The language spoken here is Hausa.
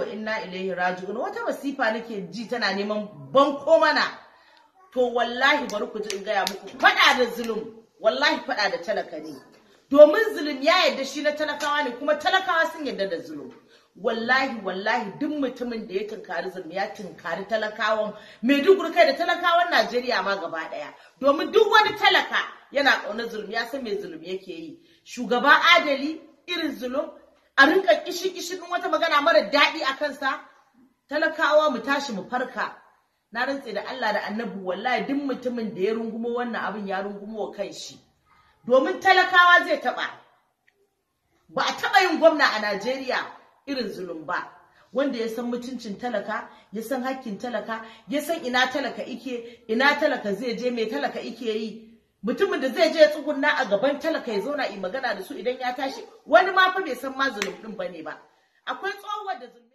wa inna ilaihi raji'un wata masifa nake ji tana neman banko mana to wallahi bari ku ji in gaya muku faɗa da zulum wallahi faɗa da talaka ne domin zulum ya yadda shi na talakawa ne kuma talakawa sun yadda da zulum wallahi wallahi duk mutumin da ya tunkari zulum ya tunkari talakawan maiduguri kai da talakawan najeriya ma gaba daya domin duk wani talaka yana ƙaunar zulum ya san me zulum yake yi shugaba adali irin zulum a rinka kishi kishin wata Tana mara daɗi a kansa talakawa mu tashi mu farka na rantse da Allah da annabi wallahi duk mutumin da ya rungumo wannan abin ya rungumo wa kanshi domin talakawa zai taɓa ba a taɓa yin gwamna a Najeriya irin zulum ba wanda ya san mutuncin talaka ya san hakkin talaka ya san ina talaka ike ina talaka zai je mai talaka ike yi mutumin da zai je tsugunna a gaban talaka ya zauna yi magana da su idan ya tashi wani ma fa bai san ma zulum din bane ba what does da